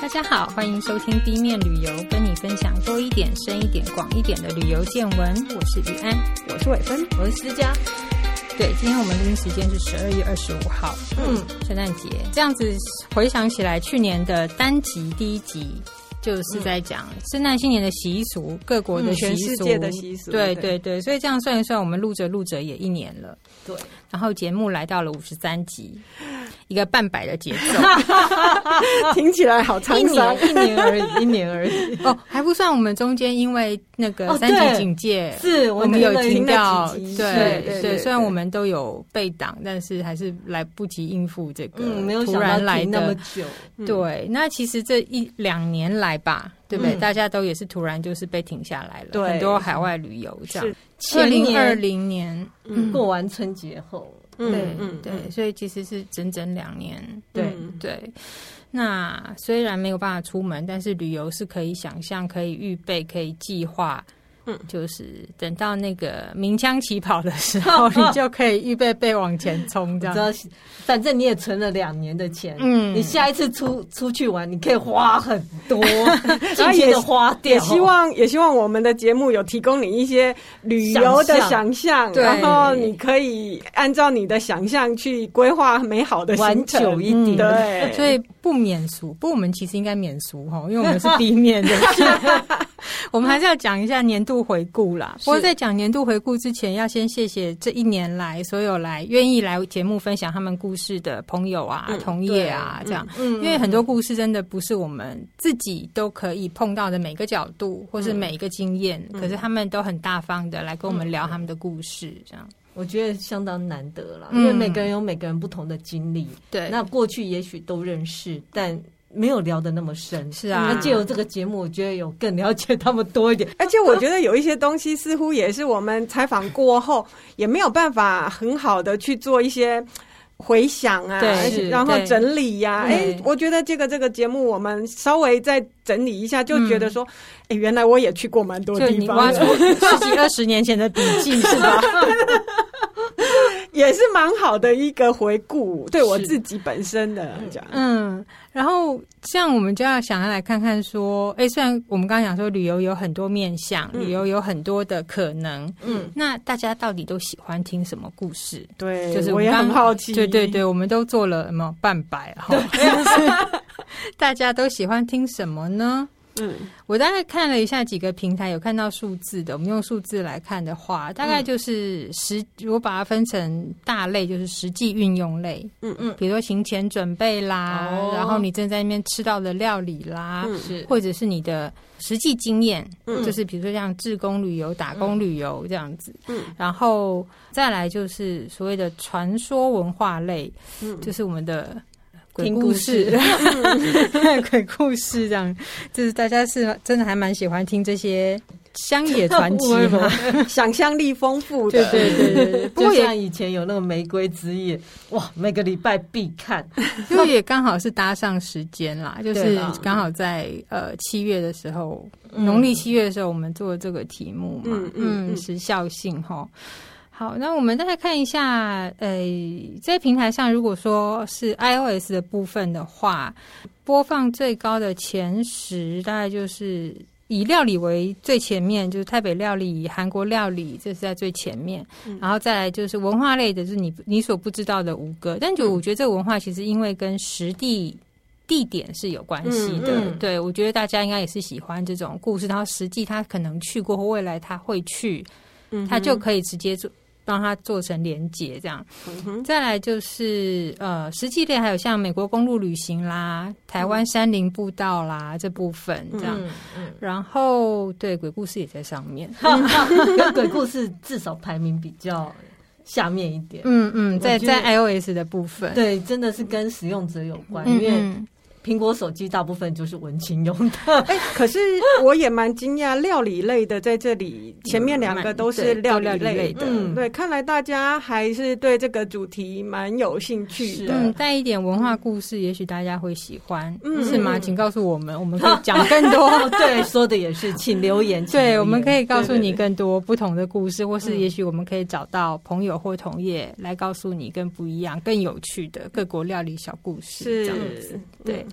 大家好，歡迎收聽 B 面旅遊，跟你分享多一點、深一點、廣一點的旅遊見聞。我是於安，我是偉芬，我是思佳。對，今天我們錄音時間是十二月二十五號，嗯，聖、嗯、誕節。這樣子回想起來，去年的單集第一集就是在講聖、嗯、誕新年的習俗，各國的習俗，嗯、全世界的習俗。對對對，對，對，所以這樣算一算，我們錄着錄着也一年了。對，然後節目來到了五十三集。一個半百的節奏，聽起來好長。一年而已，一年而已 哦，還不算我們中間因為那個三級警戒，哦，是我們有聽到聽。對，對，對對。雖然我們都有被擋，但是還是來不及應付這個。嗯，沒有突然來那麼久，嗯。對，那其實這一兩年來吧，對不對，嗯？大家都也是突然就是被停下來了，對很多海外旅遊這樣。二零二零年，嗯，過完春節後。對、嗯嗯嗯、對，所以其實是整整兩年。對、嗯、對，那雖然沒有辦法出門，但是旅遊是可以想象、可以預備、可以計劃。就是等到那個鳴槍起跑的時候，你就可以預備，備備往前衝。這樣，反正你也存了兩年的錢，嗯，你下一次出出去玩，你可以花很多，盡 情的花掉。也希望、哦、也希望我們的節目有提供你一些旅遊的想象，然後你可以按照你的想象去規劃美好的行程、玩久一點、嗯。對，所以不免俗，不，我們其實應該免俗哈，因為我們是 B 面的事。 我們還是要講一下年度回顧啦。我在講年度回顧之前，要先謝謝這一年來所有來願意來節目分享他們故事的朋友啊、嗯、同業啊這樣。嗯。因為很多故事真的不是我們自己都可以碰到的每個角度或是每一個經驗、嗯，可是他們都很大方的來跟我們聊他們的故事，這樣我覺得相當難得啦、嗯。因為每個人有每個人不同的經歷。對。那過去也許都認識，但。沒有聊得那麼深，是啊。那借由這個節目，我覺得有更了解他們多一點。而且我覺得有一些東西，似乎也是我們採訪過後也沒有辦法很好的去做一些回想啊，對，然後整理呀、啊。哎，我覺得這個這個節目，我們稍微再整理一下，就覺得說，哎、嗯，原來我也去過蠻多地方了，挖出十幾二十年前的筆記，是吧？ 也是蠻好的一個回顧，對我自己本身的嗯，然後像我們就要想要來看看說，哎、欸，雖然我們剛剛講說旅遊有很多面向，嗯、旅遊有很多的可能，嗯，那大家到底都喜歡聽什麼故事？對，就是我,剛剛我也很好奇。對對對，我們都做了什麼半百。哈？就是、 大家都喜歡聽什麼呢？嗯，我大概看了一下幾個平台，有看到數字的。我們用數字來看的話，大概就是實，如、嗯、果把它分成大類，就是實際運用類，嗯嗯，比如說行前準備啦，哦、然後你正在那邊吃到的料理啦、嗯，是，或者是你的實際經驗，嗯，就是比如說像志工旅遊、打工旅遊這樣子嗯，嗯，然後再來就是所謂的傳說文化類，嗯，就是我們的。聽故事， 鬼故事這樣，就是大家是真的還蠻喜歡聽這些鄉野傳奇嘛， 想象力豐富 對對對對，對不。就像以前有那個《玫瑰之夜》，哇，每個禮拜必看，因為也剛好是搭上時間啦，就是剛好在呃七月的時候，農曆七月的時候，我們做這個題目嘛，嗯 嗯，時效性哈。嗯嗯嗯好，那我們再來看一下，呃，在平台上，如果說是 iOS 的部分的話，播放最高的前十，大概就是以料理為最前面，就是台北料理、韓國料理，這是在最前面、嗯。然後再來就是文化類的，是你你所不知道的五個，但就我覺得這個文化其實因為跟實地地點是有關係的、嗯嗯，對，我覺得大家應該也是喜歡這種故事。然後實際他可能去過，未來他會去，他就可以直接做。幫它做成連接這樣，嗯，再來就是呃，實際類還有像美國公路旅行啦，台灣山林步道啦，嗯、這部分這樣，嗯嗯，然後對鬼故事也在上面，但 鬼故事至少排名比較下面一點，嗯嗯，在在 iOS 的部分，對，真的是跟使用者有關，嗯、因為。蘋果手機大部分就是文青用的、欸，哎， 可是我也蠻驚訝，料理類的在這裡前面兩個都是料理類、嗯、料理類的、嗯。對，看來大家還是對這個主題蠻有興趣的。帶、啊嗯、一點文化故事，也許大家會喜歡。嗯、是嗎？請告訴我們，我們可以講更多。啊、 對，說的也是請，請留言。對，我們可以告訴你更多不同的故事，對對對對，或是也許我們可以找到朋友或同業來告訴你更不一樣、更有趣的各國料理小故事，是這樣子。對。嗯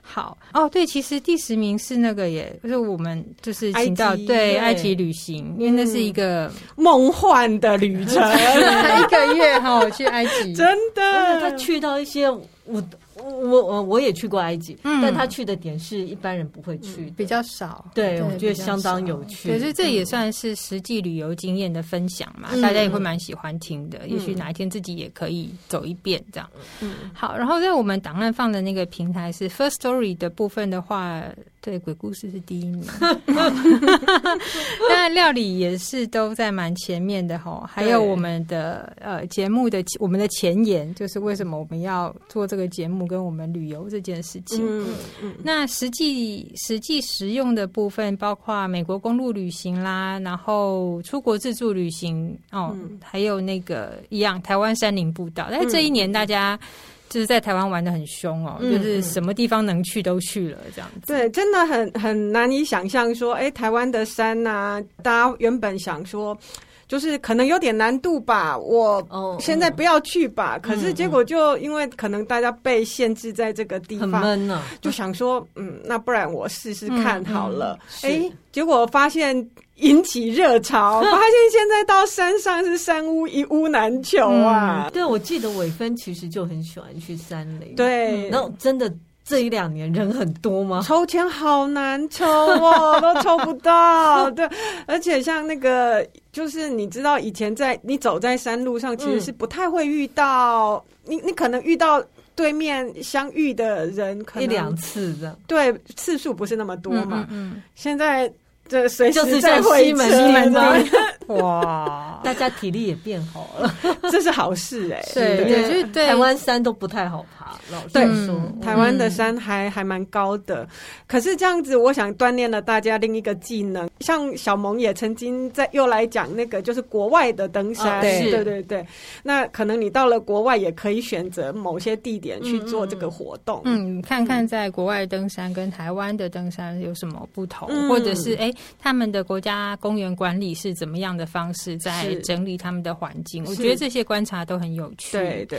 好哦，對，其實第十名是那個耶，也、就是我們就是請到埃對，對埃及旅行、嗯，因為那是一個夢幻的旅程， 一個月哈去埃及，真的，他去到一些我。我我我也去過埃及，嗯，但他去的點是一般人不會去，嗯，比較少對。對，我覺得相當有趣。可是這也算是實際旅遊經驗的分享嘛，嗯，大家也會蠻喜歡聽的。嗯，也許哪一天自己也可以走一遍這樣。嗯，好。然後在我們檔案放的那個平台是 Firstory 的部分的話，對，鬼故事是第一名， 那料理也是都在蠻前面的吼、哦，還有我們的呃節目的我們的前言，就是為什麼我們要做這個節目，跟我們旅遊這件事情。嗯。嗯，那實際實際實用的部分，包括美國公路旅行啦，然後出國自助旅行哦、嗯，還有那個一樣台灣山林步道。嗯、但是這一年大家。就是在台灣玩得很兇哦，就是什麼地方能去都去了，這樣子，嗯。對，真的很很難以想象說，哎，欸，台灣的山吶，啊，大家原本想說。就是可能有點難度吧，我現在不要去吧、哦嗯。可是結果就因為可能大家被限制在這個地方，嗯嗯、很悶呢。就想說，嗯，那不然我試試看好了。誒、嗯嗯欸，結果發現引起熱潮，發現現在到山上是山屋一屋難求啊。嗯、對，我記得偉芬其實就很喜歡去山裡，對，然後真的。這一兩年人很多嗎？抽籤好難抽哦， 都抽不到。對，而且像那個，就是你知道，以前在你走在山路上，其實是不太會遇到、嗯、你，你可能遇到對面相遇的人，可能一兩次的，對，次數不是那麼多嘛。嗯，嗯，嗯，現在。就就是在西門西門 哇！大家體力也變好了， 這是好事哎、欸。對，我覺得台灣山都不太好爬。老實說對，說、嗯、台灣的山還還蠻高的、嗯。可是這樣子，我想鍛鍊了大家另一個技能。像小萌也曾經在又來講那個，就是國外的登山、哦對。對對對。那可能你到了國外，也可以選擇某些地點去做這個活動。嗯，嗯，看看在國外登山跟台灣的登山有什麼不同，嗯、或者是誒、欸他們的國家公園管理是怎麼樣的方式在整理他們的環境？我覺得這些觀察都很有趣。對，對對。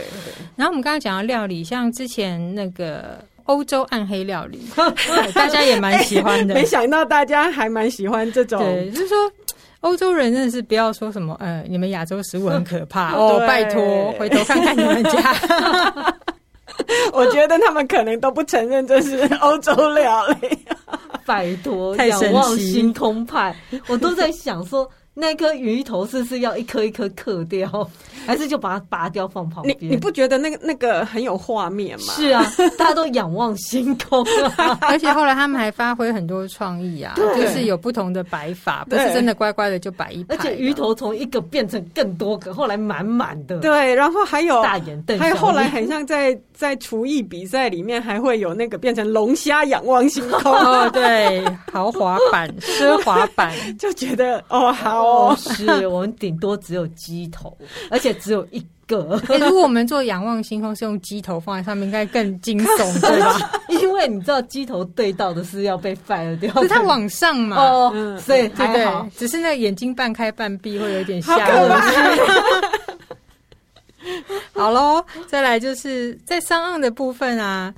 然後我們剛剛講到料理，像之前那個歐洲暗黑料理， 大家也蠻喜歡的、欸。沒想到大家還蠻喜歡這種，對就是說歐洲人真的是不要說什麼，呃，你們亞洲食物很可怕、嗯、哦，拜托，回頭看看你們家。 我覺得他們可能都不承認這是歐洲料理 拜託，仰望星空派，我都在想說。那顆、個、魚頭是不是要一顆一顆刻掉，還是就把它拔掉放旁邊？你不覺得那個那個很有畫面嗎？是啊，大家都仰望星空啊， 而且後來他們還發揮很多創意啊，就是有不同的擺法，不是真的乖乖的就擺一排。而且魚頭從一個變成更多個，後來滿滿的。對，然後還有大眼瞪，還有後來很像在在廚藝比賽裡面，還會有那個變成龍蝦仰望星空。 哦，對，豪華版、奢華版， 就覺得哦好。哦，是我們頂多只有雞頭，而且只有一個、欸。如果我們做仰望星空，是用雞頭放在上面應該，應該更驚悚，對吧？因為你知道，雞頭對到的是要被掰掉。它往上嘛，哦嗯、所以、嗯、對對，只是那個眼睛半開半閉，會有點嚇人。好咯、啊， 再來就是在上岸的部分啊。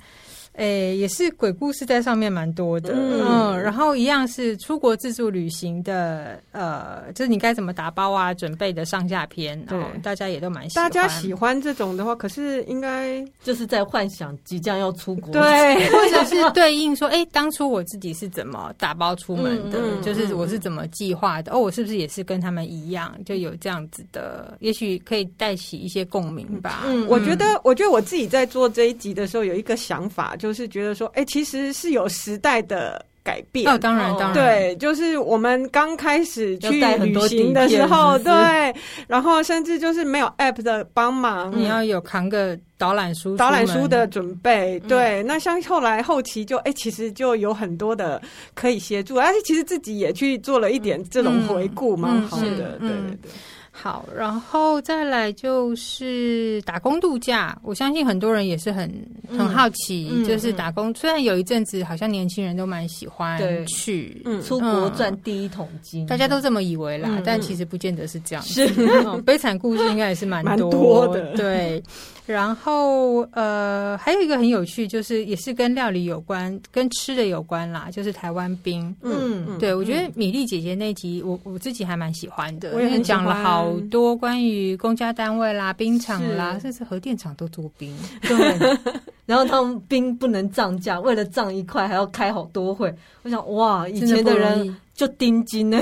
誒、欸，也是鬼故事在上面蠻多的，嗯、哦，然後一樣是出國自助旅行的，呃，就是你該怎麼打包啊，準備的上下篇，對，大家也都蠻喜歡。大家喜歡這種的話，可是應該就是在幻想即將要出國，對，或者是對應說， 哎，當初我自己是怎麼打包出門的，嗯嗯、就是我是怎麼計劃的、嗯，哦，我是不是也是跟他們一樣，就有這樣子的，也許可以帶起一些共鳴吧。嗯，我覺得，嗯、我覺得我自己在做這一集的時候有一個想法。就是覺得說，哎、欸，其實是有時代的改變，那、哦、當然，當然，對，就是我們剛開始去旅行的時候是是，對，然後甚至就是沒有 App 的幫忙、嗯，你要有扛個導覽書、導覽書的準備，對、嗯。那像後來後期就，哎、欸，其實就有很多的可以協助，而且其實自己也去做了一點這種回顧，蠻、嗯、好的、嗯是嗯，對對對，對。好，然後再來就是打工度假。我相信很多人也是很、嗯、很好奇、嗯，就是打工、嗯。雖然有一陣子好像年輕人都蠻喜歡去對、嗯嗯、出國賺第一桶金、嗯，大家都這麼以為啦，嗯、但其實不見得是這樣、嗯。是、啊、悲慘故事應該也是蠻多蠻多的，對。然後呃，還有一個很有趣，就是也是跟料理有關、跟吃的有關啦，就是台灣冰。嗯，對，嗯，我覺得米粒姐姐那集我、我我自己還蠻喜歡的。我也講了好多關於公家單位啦、冰廠啦，甚至核電廠都做冰。對， 然後他們冰不能漲價，為了漲一塊還要開好多會。我想，哇，以前的人的。就叮金呢？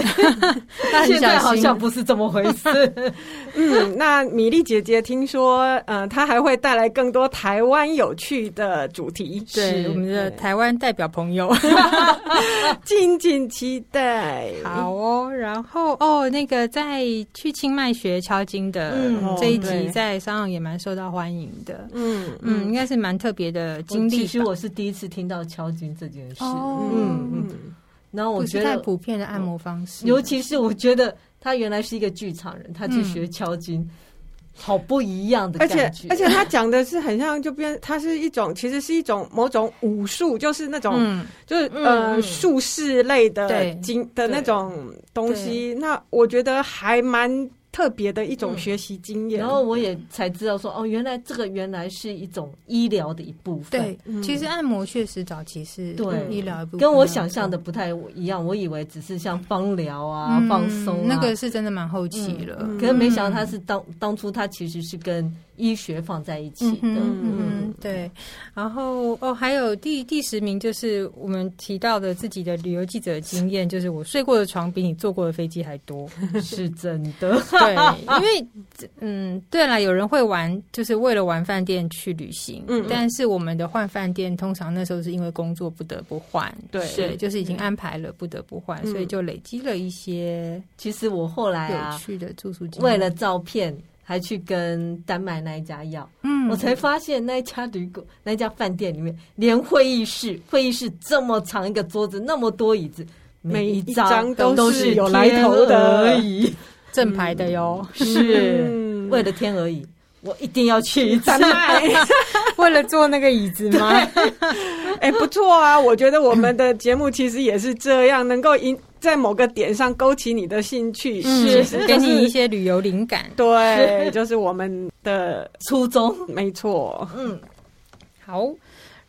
現在好像不是這麼回事。 嗯，那米粒姐姐聽說，嗯、呃，她還會帶來更多台灣有趣的主題是。對，我們的台灣代表朋友，敬 請 期待。好哦，然後哦，那個在去清邁學敲金的、嗯、這一集，在山上也蠻受到歡迎的。嗯嗯，應該是蠻特別的經歷。其實我是第一次聽到敲金這件事。嗯、哦、嗯。嗯然後我覺得不太普遍的按摩方式，尤其是我覺得他原來是一個劇場人，嗯、他去學敲筋，好不一樣的感覺。而且，而且他講的是很像，就變他是一種， 其實是一種某種武術，就是那種、嗯、就是、嗯、呃術士類的筋的那種東西。那我覺得還蠻。特別的一種學習經驗、嗯，然後我也才知道說，哦，原來這個原來是一種醫療的一部分。對，嗯、其實按摩確實早期是醫療的部分對醫療，跟我想象的不太一樣。我以為只是像芳療啊、嗯、放鬆啊、嗯，那個是真的蠻後期了、嗯嗯嗯。可是沒想到他是當當初他其實是跟。醫學放在一起的，嗯，嗯，對。然後哦，還有第第十名，就是我們提到的自己的旅遊記者經驗，就是我睡過的床比你坐過的飛機還多， 是真的。對，因為、啊、嗯，對了，有人會玩，就是為了玩飯店去旅行。嗯，嗯，但是我們的換飯店通常那時候是因為工作不得不換，對，就是已經安排了不得不換、嗯，所以就累積了一些、嗯。其實我後來啊，對，去的住宿為了照片。還去跟丹麥那一家要，嗯，我才發現那一家旅館、那家飯店裡面連會議室，會議室這麼長一個桌子，那麼多椅子，每一張都是有來頭的而已。正牌的喲，是，嗯、為了天鵝椅我一定要去丹麥， 為了坐那個椅子嗎？哎，欸，不錯啊，我覺得我們的節目其實也是這樣，能夠贏在某個點上勾起你的興趣，嗯、是、是、就是、給你一些旅遊靈感。對，就是我們的 初衷。沒錯。嗯。好，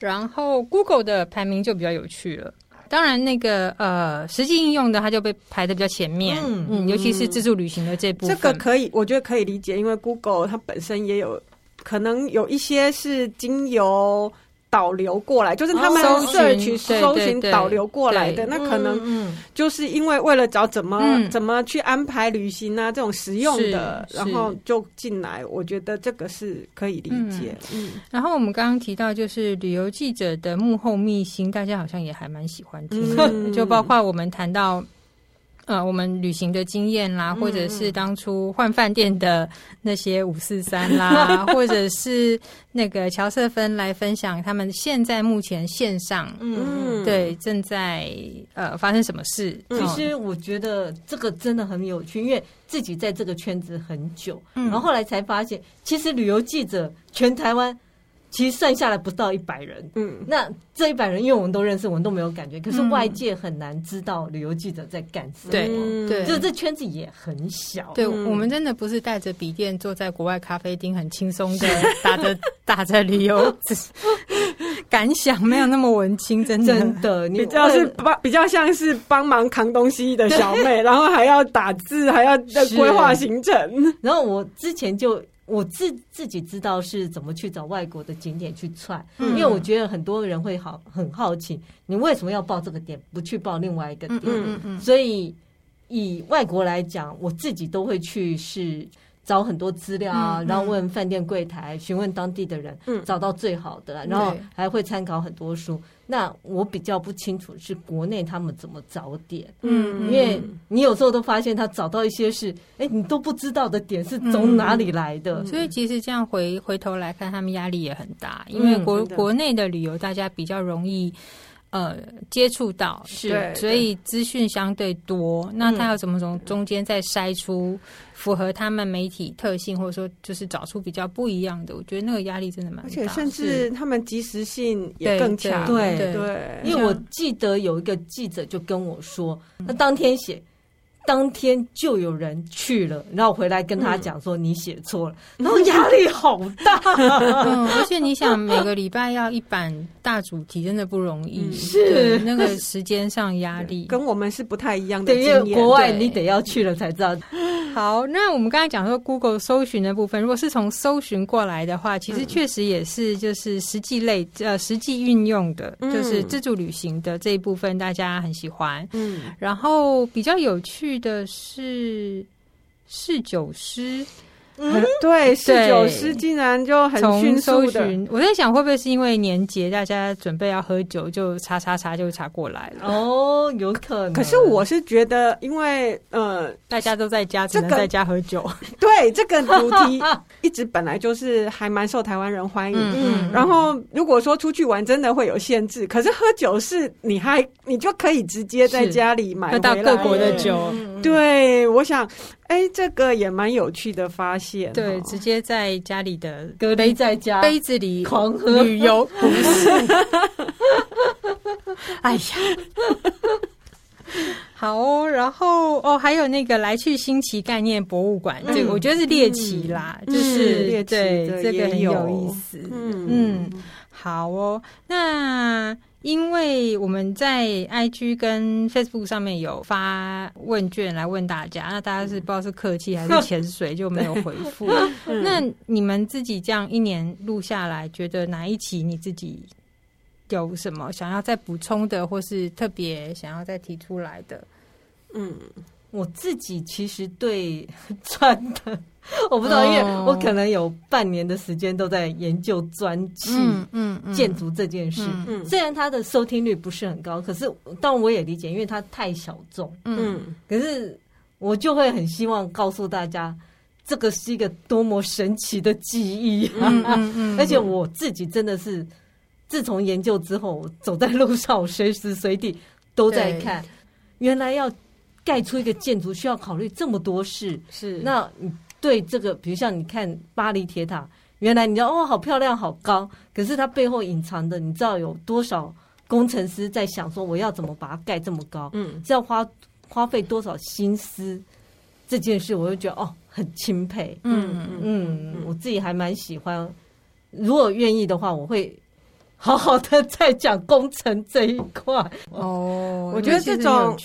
然後 Google 的排名就比較有趣了。當然，那個呃，實際應用的它就被排得比較前面。嗯嗯，尤其是自助旅行的這部分、嗯，這個可以，我覺得可以理解，因為 Google 它本身也有可能有一些是經由。導流過來就是他們 search 搜尋導流過來的。對對對，那可能就是因為為了找怎麼、嗯、怎麼去安排旅行啊，嗯、這種實用的，然後就進來。我覺得這個是可以理解。嗯嗯嗯、然後我們剛剛提到就是旅遊記者的幕後祕辛，大家好像也還蠻喜歡聽、嗯，就包括我們談到。呃，我們旅行的經驗啦，或者是當初換飯店的那些五四三啦，嗯，或者是那個喬瑟芬來分享他們現在目前線上，嗯，對，正在呃發生什麼事？嗯？其實我覺得這個真的很有趣，因為自己在這個圈子很久，然後後來才發現，其實旅遊記者全台灣。其實算下來不到一百人，嗯，那這一百人，因為我們都認識，我們都沒有感覺。可是外界很難知道旅遊記者在幹什麼，對、嗯，就這圈子也很小。對、嗯、對，我們真的不是帶着筆電坐在國外咖啡廳，很輕鬆的打着打着旅遊 感想，沒有那麼文青，真的，真的你知道比較是幫，比較像是幫忙扛東西的小妹，然後還要打字，還要在規劃行程。然後我之前就。我自自己知道是怎麼去找外國的景點去踩，因為我覺得很多人會好很好奇，你為什麼要報這個點，不去報另外一個點，所以以外國來講，我自己都會去試。找很多資料啊、嗯，然後問飯店櫃檯，嗯、詢問當地的人、嗯，找到最好的，然後還會參考很多書。那我比較不清楚是國內他們怎麼找點，嗯，因為你有時候都發現他找到一些事，哎，你都不知道的點是從哪裡來的，嗯、所以其實這樣回回頭來看，他們壓力也很大，因為國、嗯、國內的旅遊大家比較容易。呃，接觸到是，所以資訊相對多，對，那他要怎麼從中間再篩出、嗯、符合他們媒體特性，或者說就是找出比較不一樣的？我覺得那個壓力真的蠻大，而且甚至他們及時性也更強。對對，對，對，對，對，對，對，因為我記得有一個記者就跟我說，他當天寫。嗯當天就有人去了，然後回來跟他講說你寫錯了、嗯，然後壓力好大、啊嗯， 而且你想每個禮拜要一版大主題，真的不容易，是那個時間上壓力,、嗯、跟那個時間上壓力跟我們是不太一樣的。對。因為國外你得要去了才知道。好，那我們剛才講說 Google 搜尋的部分，如果是從搜尋過來的話，其實確實也是就是實際類呃實際運用的，就是自助旅行的這一部分大家很喜歡，嗯，然後比較有趣。去的是侍酒師。嗯，嗯，對，侍酒師竟然就很迅速的，從搜尋，我在想會不會是因為年節，大家準備要喝酒，就查查查就查過來了。哦，有可能。可，可是我是覺得，因為呃，大家都在家，只能在家喝酒。這個、 對，這個主題一直本來就是還蠻受台灣人歡迎。嗯， 然後如果說出去玩，真的會有限制，嗯嗯嗯。可是喝酒是你還你就可以直接在家裡買，到各國的酒。嗯嗯嗯對，我想。哎，這個也蠻有趣的發現。對，哦、直接在家裡的杯，在家杯子裡狂喝 旅遊，不是？ 哎呀， 好哦。然後哦，還有那個來去新奇概念博物館，這、嗯、個我覺得是獵奇啦，嗯、就是、嗯就是、獵奇，這個很有意思。嗯嗯，好哦，那。因為我們在 IG 跟 Facebook 上面有發問卷來問大家，那大家是不知道是客氣還是潛水，就沒有回復。嗯、 對 那你們自己這樣一年錄下來，覺得哪一期你自己有什麼想要再補充的，或是特別想要再提出來的？嗯。我自己其實對磚的，我不知道，因為我可能有半年的時間都在研究磚砌、嗯、建築這件事。嗯，雖然它的收聽率不是很高，可是，但我也理解，因為它太小眾。嗯，可是我就會很希望告訴大家，這個是一個多麼神奇的記憶，哈哈，而且我自己真的是，自從研究之後，走在路上隨時隨地都在看，原來要。蓋出一個建築需要考慮這麼多事，是那對這個，比如像你看巴黎鐵塔，原來你知道哦，好漂亮，好高，可是它背後隱藏的，你知道有多少工程師在想說，我要怎麼把它蓋這麼高？嗯，只要花花費多少心思這件事，我就覺得哦，很欽佩。嗯嗯嗯，嗯，嗯，我自己還蠻喜歡，如果願意的話，我會好好的再講工程這一塊。哦，我覺得這種。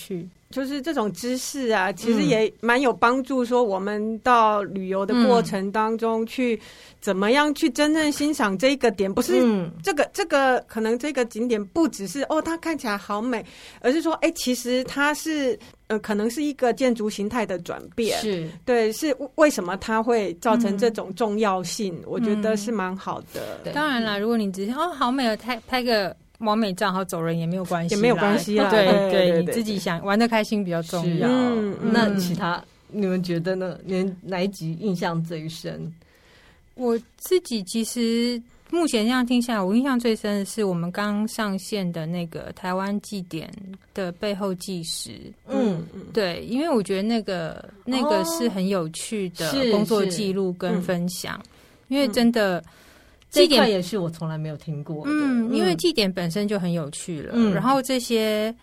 就是這種知識啊，其實也蠻有幫助。說我們到旅遊的過程當中，去怎麼樣去真正欣賞這一個點，不是這個這個可能這個景點不只是哦，它看起來好美，而是說哎、欸，其實它是呃，可能是一個建築形態的轉變，是對，是為什麼它會造成這種重要性？嗯、我覺得是蠻好的。嗯、當然了，如果你只是哦，好美哦，拍拍個。網美賬號走人也沒有關係，也沒有關係啊。 對對，對，對，對 你自己想玩的開心比較重要。要嗯、那其他你們覺得呢？你們哪一集印象最深？我自己其實目前這樣聽下來，我印象最深的是我們剛上線的那個臺灣祭典的背後紀實。嗯嗯，對，因為我覺得那個那個是很有趣的工作記錄跟分享、嗯嗯，因為真的。祭典也是我從來沒有聽過嗯，嗯，因為祭典本身就很有趣了，嗯，然後這些，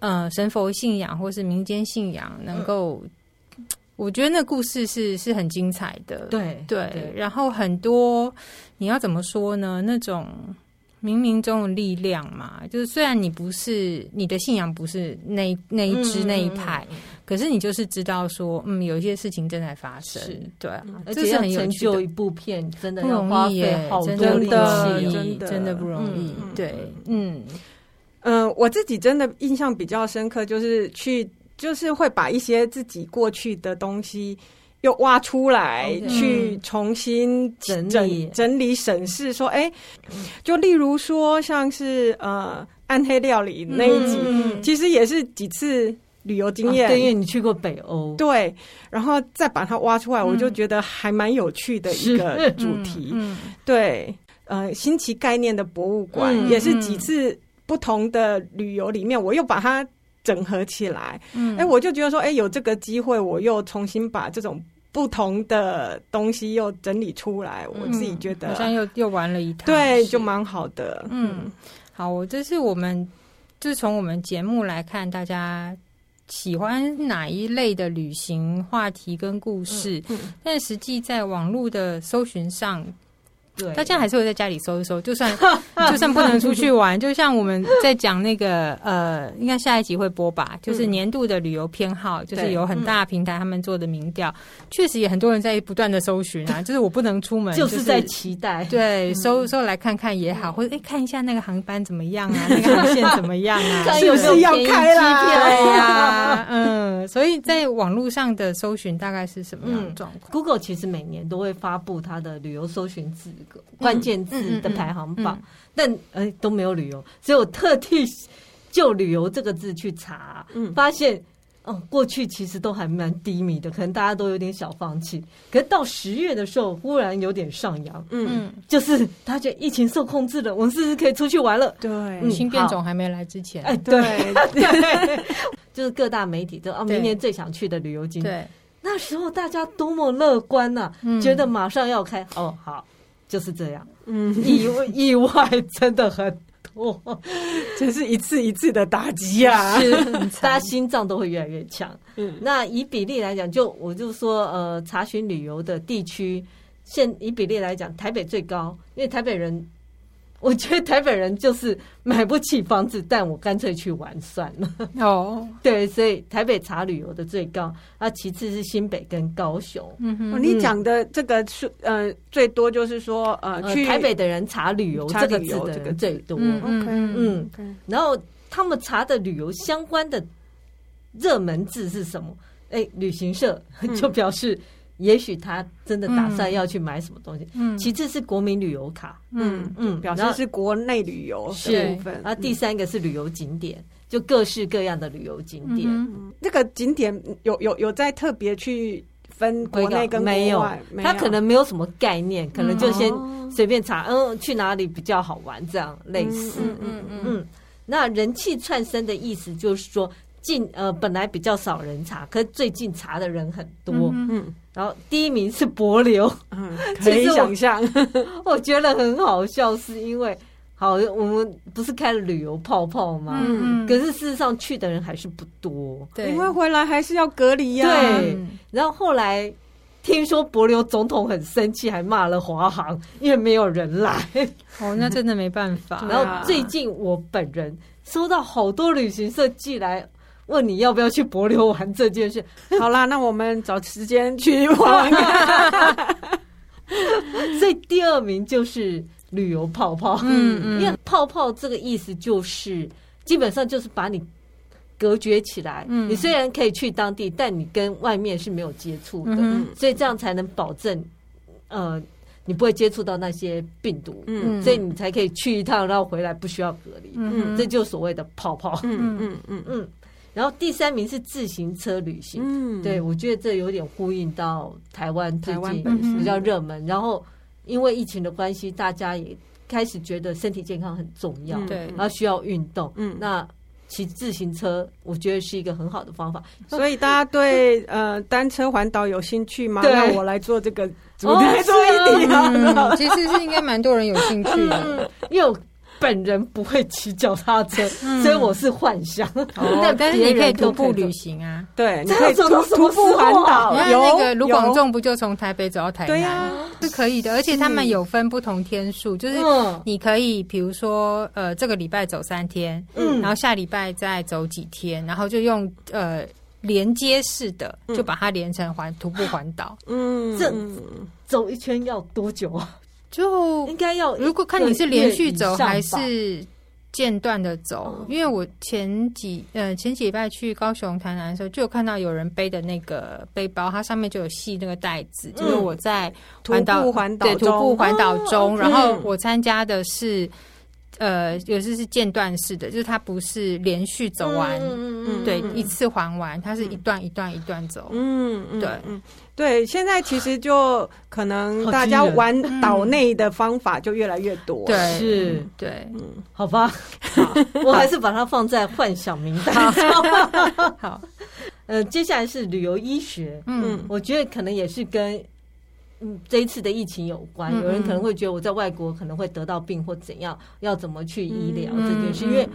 呃，神佛信仰或是民間信仰能夠，能、嗯、夠，我覺得那故事是是很精彩的，對對，對，然後很多你要怎麼說呢？那種。冥冥中的力量嘛，就是雖然你不是你的信仰不是那那一支那一派，嗯，可是你就是知道說，嗯，有一些事情正在發生，是對、啊是。而且很成就一部片真真，真的不容易，真的真的真的不容易，嗯、對，嗯。嗯、呃，我自己真的印象比較深刻，就是去，就是會把一些自己過去的東西。又挖出來，去重新整理、整理、審視，說，哎，就例如說，像是呃，暗黑料理那一集，其實也是幾次旅遊經驗，對，因為你去過北歐，對，然後再把它挖出來，我就覺得還蠻有趣的。一個主題，對，呃，新奇概念的博物館，也是幾次不同的旅遊裡面，我又把它。整合起來，哎、嗯，欸、我就覺得說，哎、欸，有這個機會，我又重新把這種不同的東西又整理出來，嗯、我自己覺得好像又又玩了一趟，對，就蠻好的。嗯，好，這是我們就從我們節目來看，大家喜歡哪一類的旅行話題跟故事，嗯嗯、但實際在網絡的搜尋上。他現在還是會在家裡搜一搜，就算就算不能出去玩， 就像我們在講那個呃，應該下一集會播吧，就是年度的旅遊偏好、嗯，就是有很大的平台他們做的民調，確、嗯、實也很多人在不斷的搜尋啊， 就是我不能出門，就是在期待，就是、對，搜一搜來看看也好，嗯、或者哎、欸、看一下那個航班怎麼樣啊， 那個航線怎麼樣啊，看 有沒有、啊、開了機呀，嗯， 所以在網絡上的搜尋大概是什麼樣的狀況、嗯、？Google 其實每年都會發布它的旅遊搜尋字。關鍵字的排行榜，嗯嗯嗯嗯、但哎都沒有旅遊，所以我特地就旅遊這個字去查，嗯、發現、嗯、過去其實都還蠻低迷的，可能大家都有點小放棄。可是到十月的時候，忽然有點上揚，嗯，就是大家疫情受控制了，我們是不是可以出去玩了？對，嗯、新變種還沒來之前，對、哎、對，對對 就是各大媒體都啊、哦，明年最想去的旅遊景點，那時候大家多麼樂觀吶、啊嗯，覺得馬上要開哦，好。就是這樣，嗯，意外意外真的很多，真 是一次一次的打擊啊，是。大家心臟都會越來越強。嗯，那以比例來講，就我就說，呃，查詢旅遊的地區，現以比例來講，台北最高，因為台北人。我覺得台北人就是買不起房子，但我乾脆去玩算了。哦、oh.，對，所以台北查旅遊的最高，啊，其次是新北跟高雄。Mm -hmm. 哦、你講的這個是呃最多就是說呃、呃去台北的人查旅遊這個字的這個字最多。嗯，okay, okay. 嗯，然後他們查的旅遊相關的熱門字是什麼？哎、欸，旅行社就表示。嗯也許他真的打算要去買什麼東西。嗯，其次是國民旅遊卡，嗯嗯，表示是國內旅遊是，那第三個是旅遊景點，嗯，就各式各樣的旅遊景點嗯嗯嗯。這個景點有有有在特別去分國內跟國外，國外，他可能沒有什麼概念，可能就先隨便查，嗯，去哪裡比較好玩，這樣嗯嗯嗯嗯類似。嗯嗯嗯，那人氣竄升的意思就是說。近呃，本來比較少人查，可是最近查的人很多。嗯哼哼，然後第一名是帛琉，嗯，可以想象， 我， 我覺得很好笑，是因為好，我們不是開了旅遊泡泡嗎嗯嗯？嗯，可是事實上去的人還是不多，對，因為回來還是要隔離呀、啊。對，然後後來聽說帛琉總統很生氣，還罵了華航，因為沒有人來。哦，那真的沒辦法。嗯、然後最近我本人收到好多旅行社寄來問你要不要去帛琉玩這件事？好啦，那我們找時間去玩。 所以第二名就是旅遊泡泡，嗯嗯，因為泡泡這個意思就是基本上就是把你隔絕起來。嗯、你雖然可以去當地，但你跟外面是沒有接觸的，嗯、所以這樣才能保證呃你不會接觸到那些病毒。嗯，所以你才可以去一趟，然後回來不需要隔離。嗯，這就是所謂的泡泡。嗯嗯嗯嗯嗯。嗯嗯然後第三名是自行車旅行，嗯、對我覺得這有點呼應到台灣最近比較熱門。然後因為疫情的關係，大家也開始覺得身體健康很重要，嗯、然後需要運動、嗯嗯。那騎自行車我覺得是一個很好的方法，所以大家對呃單車環島有興趣嗎？哦、讓我來做這個主題，我來做一點。其實是應該蠻多人有興趣的，嗯、因為有。本人不會騎腳踏車，嗯，所以我是幻想。哦、但是你可以徒步旅行啊，對，你可以走徒，徒，徒步環島。你那個盧廣仲不就從台北走到台南？是可以的，而且他們有分不同天數，就是你可以，比如說，呃，這個禮拜走三天，嗯，然後下禮拜再走幾天，然後就用呃連接式的，就把它連成環徒步環島。嗯。嗯，這走一圈要多久啊？就應該要，如果看你是連續走還是間斷的走，因為我前幾呃前幾禮拜去高雄台南的時候，就有看到有人背的那個背包，它上面就有繫那個帶子、嗯，就是我在徒步環島對徒步環島中、哦 okay，然後我參加的是。呃，有些是間斷式的，就是它不是連續走完，嗯嗯、對、嗯嗯，一次還完，它是一段一段一段走，嗯，嗯對嗯，對，現在其實就可能大家玩島內的方法就越來越多、嗯，對，是，對，嗯，好吧，好 好我還是把它放在幻想名單，好， 好 呃，接下來是旅遊醫學，嗯，嗯，我覺得可能也是跟。嗯，這一次的疫情有關，有人可能會覺得我在外國可能會得到病或怎樣，要怎麼去醫療這件事，因為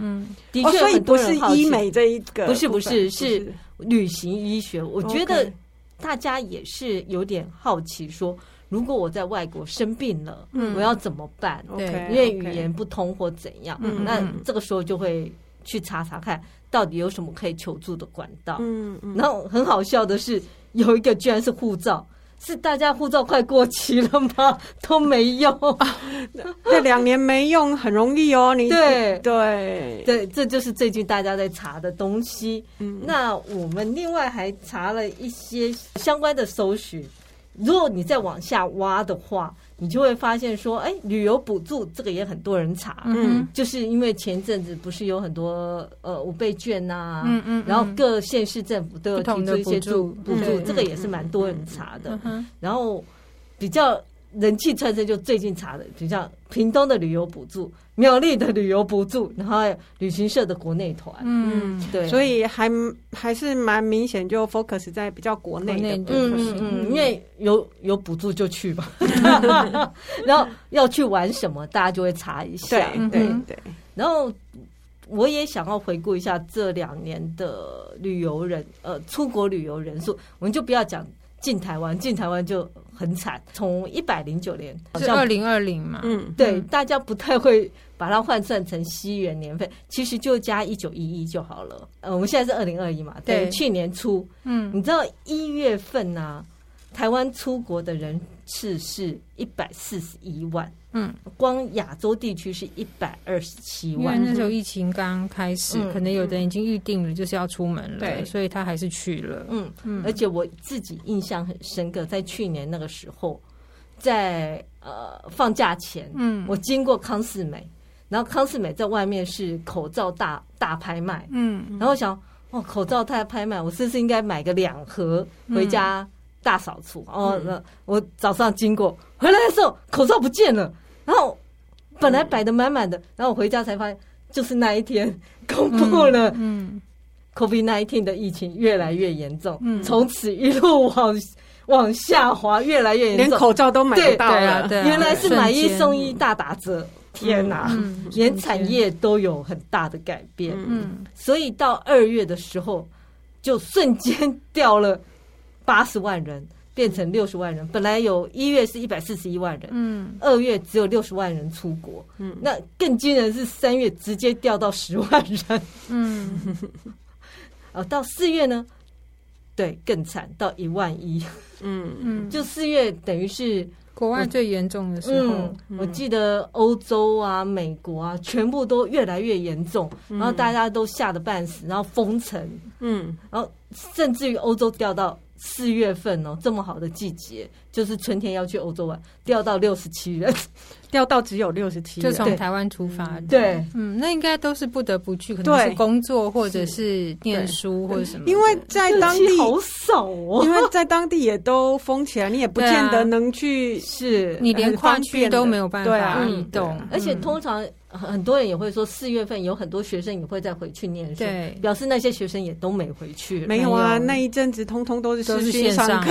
的確很多人好奇這一個，不是不是，是旅行醫學，我覺得大家也是有點好奇，說如果我在外國生病了，我要怎麼辦？對，因為語言不通或怎樣，那這個時候就會去查查看到底有什麼可以求助的管道。嗯嗯，然後很好笑的是，有一個居然是護照。是大家護照快過期了嗎？都沒用，啊、這兩年沒用很容易哦。你對對對，這就是最近大家在查的東西。嗯，那我們另外還查了一些相關的搜尋。如果你再往下挖的話。你就會發現說，哎、欸，旅遊補助這個也很多人查，嗯，就是因為前陣子不是有很多呃五倍券吶、啊，嗯，嗯嗯，然後各縣市政府都有提出一些補助，補助、助這個也是蠻多人查的，嗯、然後比較。人氣趨勢就最近查的，比較屏東的旅遊補助、苗栗的旅遊補助，然後旅行社的國內團，嗯，對，所以還還是蠻明顯，就 focus 在比較國內的，嗯嗯嗯，因為有有補助就去吧， 然後要去玩什麼，大家就會查一下，對對，對 然後我也想要回顧一下這兩年的旅遊人，呃，出國旅遊人數，我們就不要講進台灣，進台灣就。很慘。從一百零九年是二零二零嘛，嗯，對，嗯，大家不太會把它換算成西元年份，其實就加一九一一就好了。呃，我們現在是二零二一嘛，對，對，去年初，嗯，你知道一月份呢？啊，台灣出國的人次是一百四十一萬。嗯，光亞洲地區是一百二十七萬。因為那時候疫情剛開始、嗯嗯，可能有的人已經預定了，就是要出門了對，對，所以他還是去了。嗯嗯。而且我自己印象很深刻，在去年那個時候在，在呃放假前，嗯，我經過康世美，然後康世美在外面是口罩大大拍賣，嗯，然後想哦，口罩他在拍賣，我是不是應該買個兩盒回家大掃除、嗯？哦，那我早上經過，回來的時候口罩不見了。然後本來擺的滿滿的，嗯、然後我回家才發現，就是那一天公布了，嗯，COVID-19 的疫情越來越嚴重，嗯，嗯，從此一路往往下滑、嗯，越來越嚴重，連口罩都買不到了對對、啊對啊，原來是買一送一大打折，天哪，連、嗯嗯、產業都有很大的改變，嗯，所以到二月的時候，就瞬間掉了八十萬人。變成六十萬人，本來有一月是一百四十一萬人，嗯，二月只有六十萬人出國，嗯，那更驚人的是三月直接掉到十萬人，嗯， 到四月呢，對，更慘到一萬一，嗯嗯，就四月等於是國外最嚴重的時候，嗯，我記得歐洲啊、美國啊，全部都越來越嚴重，嗯，然後大家都嚇得半死，然後封城，嗯，然後甚至於歐洲掉到。四月份哦，這麼好的季節，就是春天要去歐洲玩，掉到六十七人。 要到只有六十七，就從台灣出發。對，嗯，那應該都是不得不去，可能是工作或者是念書或者什麼。因為在當地好少哦，因為在當地也都封起來，你也不見得能去。啊、是，是你連跨區都沒有辦法移動，啊嗯啊，而且通常很多人也會說，四月份有很多學生也會再回去念書，對，表示那些學生也都沒回去。沒有啊，那一陣子通通都是都是線上，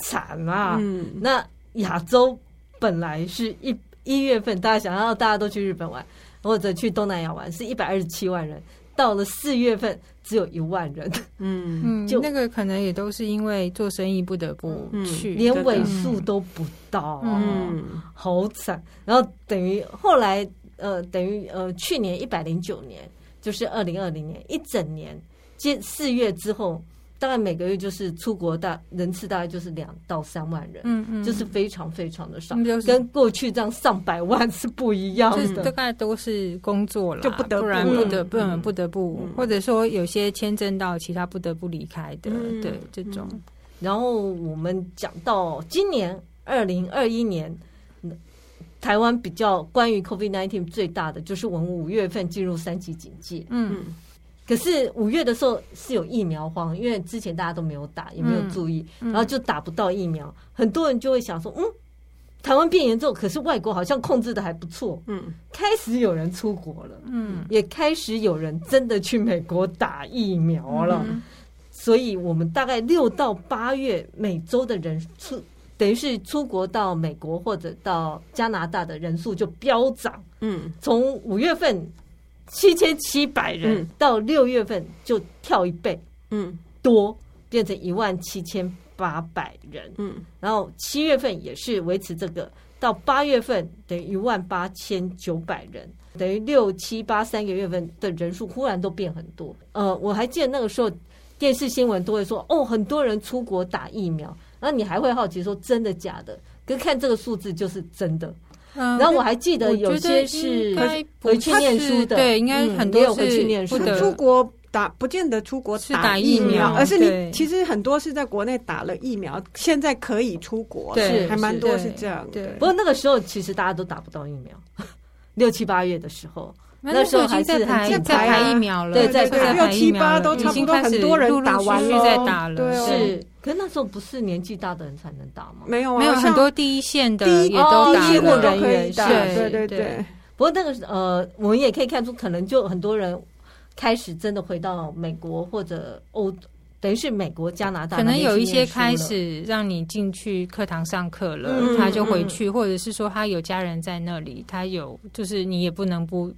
慘 啊！嗯、那亞洲。本來是一一月份，大家想要大家都去日本玩，或者去東南亞玩，是一百二十七萬人。到了四月份，只有一萬人。嗯，就那個可能也都是因為做生意不得不去，連尾數都不到啊，嗯，好慘。然後等於後來呃，等於呃，去年一百零九年，就是二零二零年一整年，接四月之後。大概每個月就是出國大人次，大概就是兩到三萬人，嗯嗯，就是非常非常的少，就是、跟過去這樣上百萬是不一樣的。就是嗯、就大概都是工作了，就不得不、不得不、不、嗯、不得不、嗯嗯、不得不、嗯，或者說有些簽證到其他不得不離開的，嗯、對這種、嗯。然後我們講到今年二零二一年，台灣比較關於 COVID-19 最大的就是我們五月份進入三級警戒，嗯。嗯可是五月的時候是有疫苗荒，因為之前大家都沒有打，也沒有注意，嗯、然後就打不到疫苗、嗯，很多人就會想說，嗯，台灣變嚴重，可是外國好像控制得還不錯，嗯，開始有人出國了，嗯，也開始有人真的去美國打疫苗了，嗯、所以我們大概六到八月，每周的人數，等於是出國到美國或者到加拿大的人數就飆漲，嗯，從五月份。七千七百人，嗯，到六月份就跳一倍，嗯，多變成一萬七千八百人，嗯，然後七月份也是維持這個，到八月份等於一萬八千九百人，等於六七八三個月份的人數忽然都變很多。呃，我還記得那個時候電視新聞都會說，哦，很多人出國打疫苗，然後，啊，你還會好奇說真的假的？可是看這個數字就是真的。然後我還記得有些是，覺得應該是回去念書的，對，應該很多不、嗯、回去念書是出國打，不見得出國打疫苗，打疫苗、嗯，而是你其實很多是在國內打了疫苗，現在可以出國，對，還蠻多是這樣的。對對對，不過那個時候其實大家都打不到疫苗，六七八月的時候。那時候還是、啊、在排疫苗，在排疫苗了，對對對，有七八都已經多，始，多人打完，打了。對。打是，哦、可是那時候不是年紀大的人才能打嗎？沒有、啊，沒有很多第一線的也都醫護人員對，對對對。不過那個呃，我們也可以看出，可能就很多人開始真的回到美國或者歐，等於是美國、加拿大，可能有一些開始讓你進去課堂上課了、嗯，他就回去、嗯，或者是說他有家人在那裡，他有，就是你也不能不。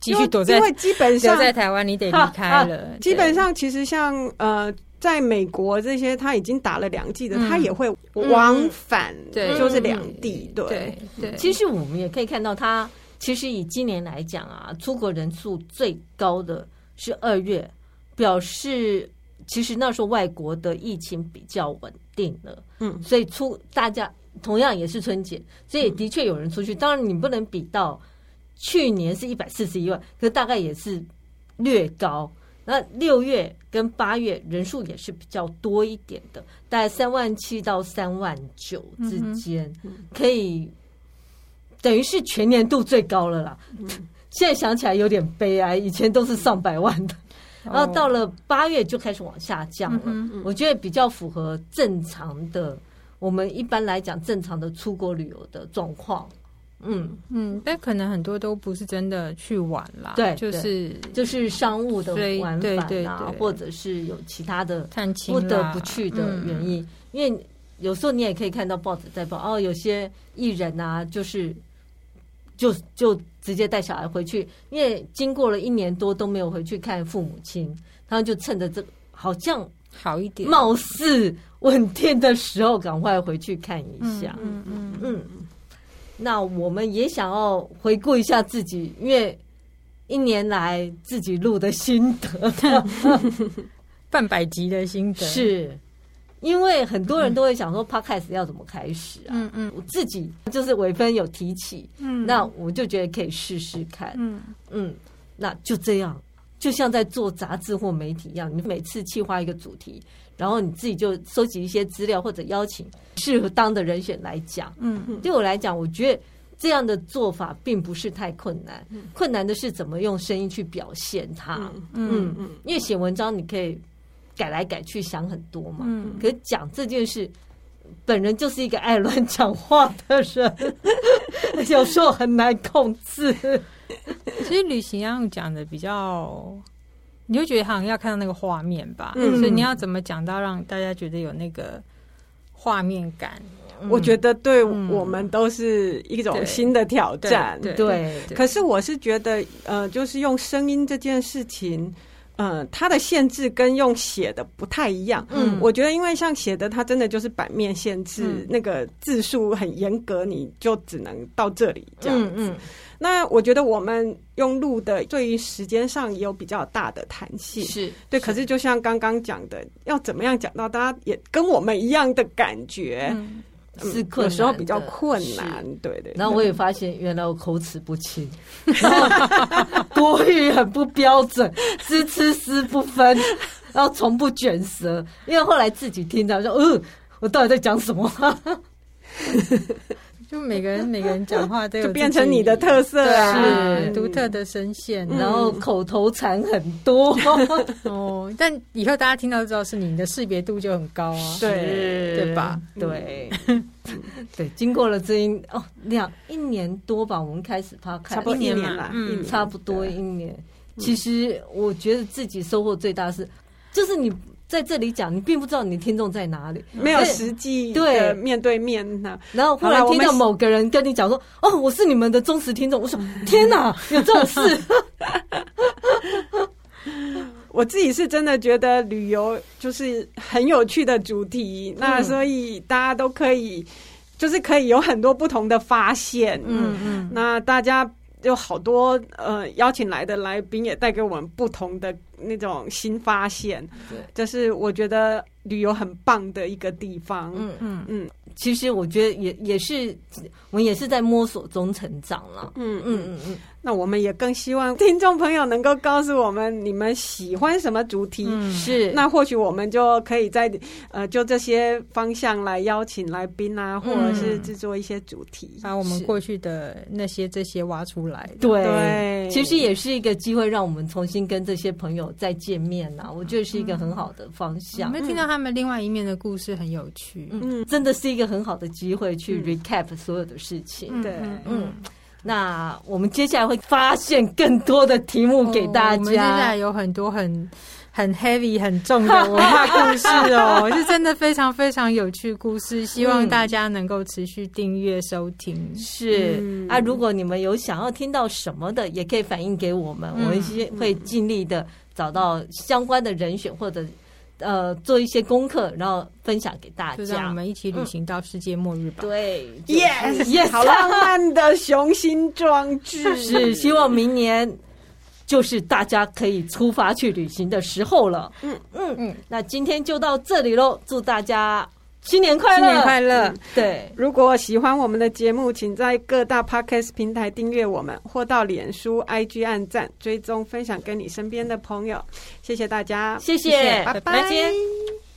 繼續躲在，因為基本上在台灣你得離開了、啊啊。基本上，其實像呃，在美國這些他已經打了兩劑的、嗯，他也會往返、嗯，對，就是兩地，對對。其實我們也可以看到他，他其實以今年來講啊，出國人數最高的是二月，表示其實那時候外國的疫情比較穩定了，嗯，所以出大家同樣也是春節，所以的確有人出去。嗯、當然，你不能比到。去年是一百四十一萬，可大概也是略高。那六月跟八月人數也是比較多一點的，大概三萬七到三萬九之間、嗯嗯，可以等於是全年度最高了啦。嗯。現在想起來有點悲哀，以前都是上百萬的，嗯，然後到了八月就開始往下降了，嗯嗯。我覺得比較符合正常的，我們一般來講正常的出國旅遊的狀況。嗯嗯，但可能很多都不是真的去玩啦，對，就是就是商務的玩法啦對對啊，或者是有其他的探親不得不去的原因、嗯，因為有時候你也可以看到報紙在報、嗯、哦，有些藝人啊，就是就就直接帶小孩回去，因為經過了一年多都沒有回去看父母親，他們就趁着這個、好像好一點、貌似穩定的時候，趕快回去看一下，嗯嗯嗯。嗯嗯那我們也想要回顧一下自己、嗯，因為一年來自己錄的心得，嗯、 半百集的心得，是因為很多人都會想說，Podcast 要怎麼開始啊？嗯嗯，我自己就是尾分有提起，嗯，那我就覺得可以試試看，嗯嗯，那就這樣，就像在做雜誌或媒體一樣，你每次企劃一個主題。然後你自己就收集一些資料，或者邀請適合當的人選來講。嗯，對我來講，我覺得這樣的做法並不是太困難。困難的是怎麼用聲音去表現它。嗯嗯，因為寫文章你可以改來改去，想很多嘛。可是講這件事，本人就是一個愛亂講話的人，有時候很難控制。其實旅行要講的比較。你就覺得好像要看到那個畫面吧？嗯，所以你要怎麼講到讓大家覺得有那個畫面感？嗯，我覺得對我們都是一種新的挑戰。嗯，對，對，對，對，對，可是我是覺得，呃，就是用聲音這件事情。嗯、呃，它的限制跟用寫的不太一樣。嗯，我覺得因為像寫的，它真的就是版面限制，嗯、那個字數很嚴格，你就只能到這裡這樣子。嗯嗯、那我覺得我們用錄的，對於時間上也有比較大的彈性。是，是，對，可是就像剛剛講的，要怎麼樣講到大家也跟我們一樣的感覺。嗯是、嗯，有時候比較困難，對對。然後我也發現，原來我口齒不清，國、嗯、 語很不標準，吃吃吃不分，然後從不捲舌。因為後來自己聽到說，嗯、呃，我到底在講什麼？ 就每個人每個人講話都有，就變成你的特色啊，是獨特的聲線、嗯，然後口頭禪很多。 哦，但以後大家聽到就知道是你的識別度就很高啊，對對吧？對、嗯、對， 對，經過了這一哦，兩一年多吧，我們開始怕看差不多一年吧，嗯，差不多一年。其實我覺得自己收穫最大是，就是你。在這裡講，你並不知道你的聽眾在哪裡，沒有實際的面對面，啊對。然後後來聽到某個人跟你講說：“哦，我是你們的忠實聽眾。”我說：“天哪，有 這種事！” 我自己是真的覺得旅遊就是很有趣的主題，嗯，那所以大家都可以，就是可以有很多不同的發現。嗯嗯，那大家。有好多呃、邀請來的來賓也帶給我們不同的那種新發現，對，這是我覺得旅遊很棒的一個地方。嗯嗯嗯，其實我覺得也也是我們也是在摸索中成長了。嗯嗯嗯嗯。嗯那我們也更希望聽眾朋友能夠告訴我們你們喜歡什麼主題？是、嗯、那或許我們就可以在呃就這些方向來邀請來賓啊、嗯，或者是製作一些主題，把我們過去的那些這些挖出來對。對，其實也是一個機會，讓我們重新跟這些朋友再見面吶、啊嗯。我覺得是一個很好的方向、嗯嗯。沒聽到他們另外一面的故事很有趣，嗯，真的是一個很好的機會去 recap 所有的事情。嗯、對，嗯。那我們接下來會發現更多的題目給大家。哦、我們現在有很多很很 heavy、很重的文化故事哦， 我是真的非常非常有趣故事，希望大家能夠持續訂閱收聽。嗯、是、嗯、啊，如果你們有想要聽到什麼的，也可以反映給我們、嗯，我們會盡力的找到相關的人選或者。呃，做一些功課，然後分享給大家。就我們一起旅行到世界末日吧。嗯、對，yes，yes 好浪漫的雄心壯志。 是，希望明年就是大家可以出發去旅行的時候了。 嗯嗯嗯，那今天就到這裡嘍，祝大家。新年快樂！新年快樂、嗯！對，如果喜歡我們的節目，請在各大 podcast 平台訂閱我們，或到臉書、IG 按讚追蹤，分享給你身邊的朋友。謝謝大家，謝謝，拜拜。拜拜。